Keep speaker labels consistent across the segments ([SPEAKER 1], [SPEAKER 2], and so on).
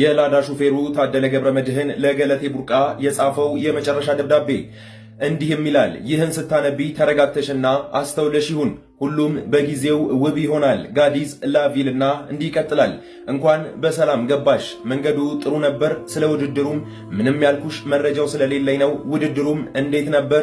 [SPEAKER 1] የላዳ ሹፌሩ ታደለ ገብረ መድህን ለገለቴ ቡርቃ የጻፈው የመጨረሻ ደብዳቤ እንዲህም ይላል። ይህን ስታነቢ ተረጋግተሽና አስተውለሽ ይሁን ሁሉም በጊዜው ውብ ይሆናል። ጋዲዝ ላቪልና እንዲህ ይቀጥላል። እንኳን በሰላም ገባሽ። መንገዱ ጥሩ ነበር። ስለ ውድድሩም ምንም ያልኩሽ መረጃው ስለሌለኝ ነው። ውድድሩም እንዴት ነበር?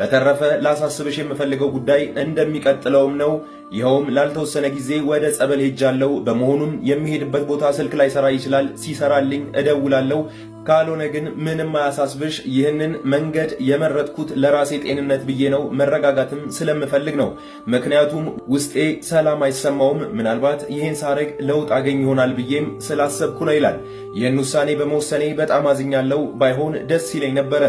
[SPEAKER 1] በተረፈ ላሳስብሽ የምፈልገው ጉዳይ እንደሚቀጥለውም ነው። ይኸውም ላልተወሰነ ጊዜ ወደ ጸበል ሄጃለሁ። በመሆኑም የሚሄድበት ቦታ ስልክ ላይ ሰራ ይችላል። ሲሰራልኝ እደውላለሁ። ካልሆነ ግን ምንም አያሳስብሽ። ይህንን መንገድ የመረጥኩት ለራሴ ጤንነት ብዬ ነው፣ መረጋጋትም ስለምፈልግ ነው። ምክንያቱም ውስጤ ሰላም አይሰማውም። ምናልባት ይህን ሳረግ ለውጥ አገኝ ይሆናል ብዬም ስላሰብኩ ነው ይላል። ይህን ውሳኔ በመወሰኔ በጣም አዝኛለሁ። ባይሆን ደስ ይለኝ ነበረ፣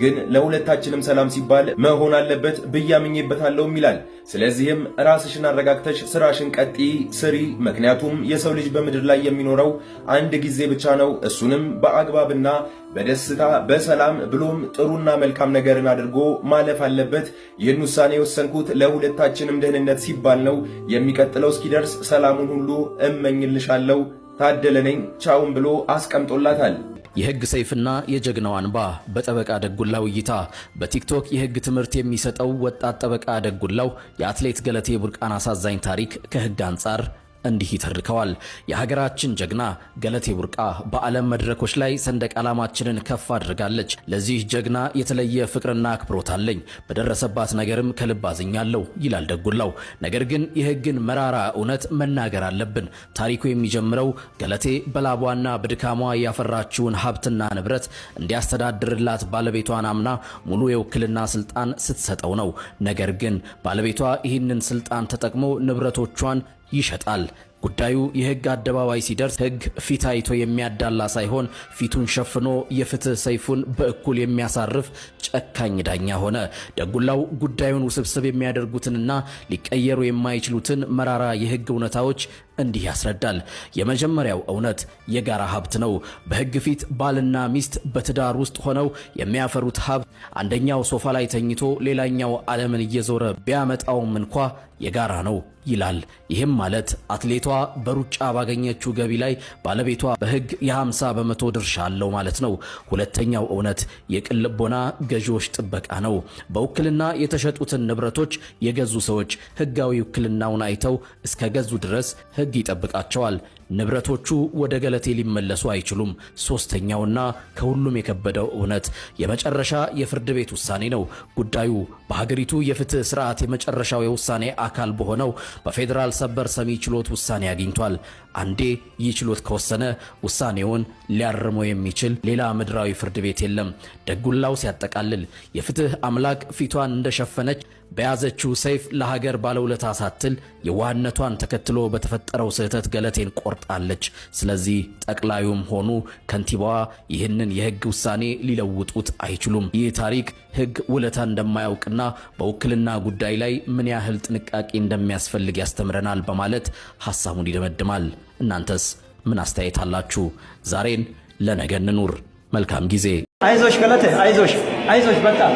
[SPEAKER 1] ግን ለሁለታችንም ሰላም ሲባል መሆን አለበት ብያምኜበታለሁም ይላል። ስለዚህም ራስሽን አረጋግተሽ ስራሽን ቀጥይ፣ ስሪ። ምክንያቱም የሰው ልጅ በምድር ላይ የሚኖረው አንድ ጊዜ ብቻ ነው፣ እሱንም በአግባብ በፍቅርና በደስታ በሰላም ብሎም ጥሩና መልካም ነገርን አድርጎ ማለፍ አለበት። ይህን ውሳኔ የወሰንኩት ለሁለታችንም ደህንነት ሲባል ነው። የሚቀጥለው እስኪደርስ ሰላሙን ሁሉ እመኝልሻለሁ። ታደለነኝ ቻውን ብሎ አስቀምጦላታል።
[SPEAKER 2] የህግ ሰይፍና የጀግናው አንባ በጠበቃ ደጉላው እይታ በቲክቶክ የህግ ትምህርት የሚሰጠው ወጣት ጠበቃ ደጉላው የአትሌት ገለቴ ቡርቃን አሳዛኝ ታሪክ ከህግ አንጻር እንዲህ ይተርከዋል። የሀገራችን ጀግና ገለቴ ቡርቃ በዓለም መድረኮች ላይ ሰንደቅ ዓላማችንን ከፍ አድርጋለች። ለዚህ ጀግና የተለየ ፍቅርና አክብሮት አለኝ። በደረሰባት ነገርም ከልብ አዝኛለሁ ይላል ደጉላው። ነገር ግን የሕግን መራራ እውነት መናገር አለብን። ታሪኩ የሚጀምረው ገለቴ በላቧና በድካሟ ያፈራችውን ሀብትና ንብረት እንዲያስተዳድርላት ባለቤቷን አምና ሙሉ የውክልና ስልጣን ስትሰጠው ነው። ነገር ግን ባለቤቷ ይህንን ስልጣን ተጠቅሞ ንብረቶቿን ይሸጣል ጉዳዩ የህግ አደባባይ ሲደርስ ህግ ፊት አይቶ የሚያዳላ ሳይሆን ፊቱን ሸፍኖ የፍትህ ሰይፉን በእኩል የሚያሳርፍ ጨካኝ ዳኛ ሆነ። ደጉላው ጉዳዩን ውስብስብ የሚያደርጉትንና ሊቀየሩ የማይችሉትን መራራ የህግ እውነታዎች እንዲህ ያስረዳል። የመጀመሪያው እውነት የጋራ ሀብት ነው። በህግ ፊት ባልና ሚስት በትዳር ውስጥ ሆነው የሚያፈሩት ሀብት አንደኛው ሶፋ ላይ ተኝቶ ሌላኛው ዓለምን እየዞረ ቢያመጣውም እንኳ የጋራ ነው ይላል። ይህም ማለት አትሌቷ በሩጫ ባገኘችው ገቢ ላይ ባለቤቷ በህግ የ50 በመቶ ድርሻ አለው ማለት ነው። ሁለተኛው እውነት የቅን ልቦና ገዢዎች ጥበቃ ነው። በውክልና የተሸጡትን ንብረቶች የገዙ ሰዎች ህጋዊ ውክልናውን አይተው እስከ ገዙ ድረስ ህግ ይጠብቃቸዋል። ንብረቶቹ ወደ ገለቴ ሊመለሱ አይችሉም። ሶስተኛውና ከሁሉም የከበደው እውነት የመጨረሻ የፍርድ ቤት ውሳኔ ነው። ጉዳዩ በሀገሪቱ የፍትህ ስርዓት የመጨረሻው የውሳኔ አካል በሆነው በፌዴራል ሰበር ሰሚ ችሎት ውሳኔ አግኝቷል። አንዴ ይህ ችሎት ከወሰነ ውሳኔውን ሊያርመው የሚችል ሌላ ምድራዊ ፍርድ ቤት የለም። ደጉላው ሲያጠቃልል የፍትህ አምላክ ፊቷን እንደሸፈነች በያዘችው ሰይፍ ለሀገር ባለውለታ ሳትል የዋህነቷን ተከትሎ በተፈጠረው ስህተት ገለቴን ቆርጣለች። ስለዚህ ጠቅላዩም ሆኑ ከንቲባዋ ይህንን የሕግ ውሳኔ ሊለውጡት አይችሉም። ይህ ታሪክ ሕግ ውለታ እንደማያውቅና በውክልና ጉዳይ ላይ ምን ያህል ጥንቃቄ እንደሚያስፈልግ ያስተምረናል በማለት ሐሳቡን ይደመድማል። እናንተስ ምን አስተያየት አላችሁ? ዛሬን ለነገ እንኑር። መልካም ጊዜ።
[SPEAKER 3] አይዞሽ ገለቴ፣ አይዞሽ፣ አይዞሽ በጣም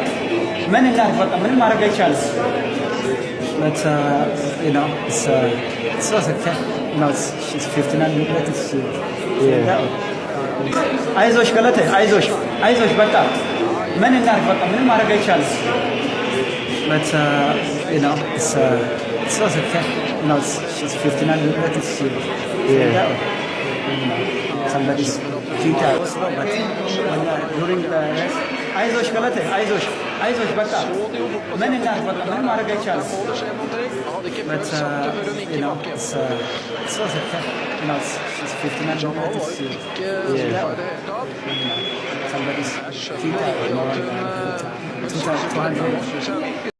[SPEAKER 3] man in life, but a man not a great chance. But uh, you know, it's uh, it's also no, it's, she's 59 let us see. Yeah. አይዞሽ ገለቴ አይዞሽ አይዞሽ በቃ ምን እናድርግ በቃ ምንም ማድረግ አይቻልም but uh, you know it's uh, it's also no it's, she's 59 let us see. Yeah. Somebody's Tita. But when, uh, during the rest, Айзо шкалате, айзо ш, айзо ш бака. Мене не, мене мора да чал. But uh, you know, it's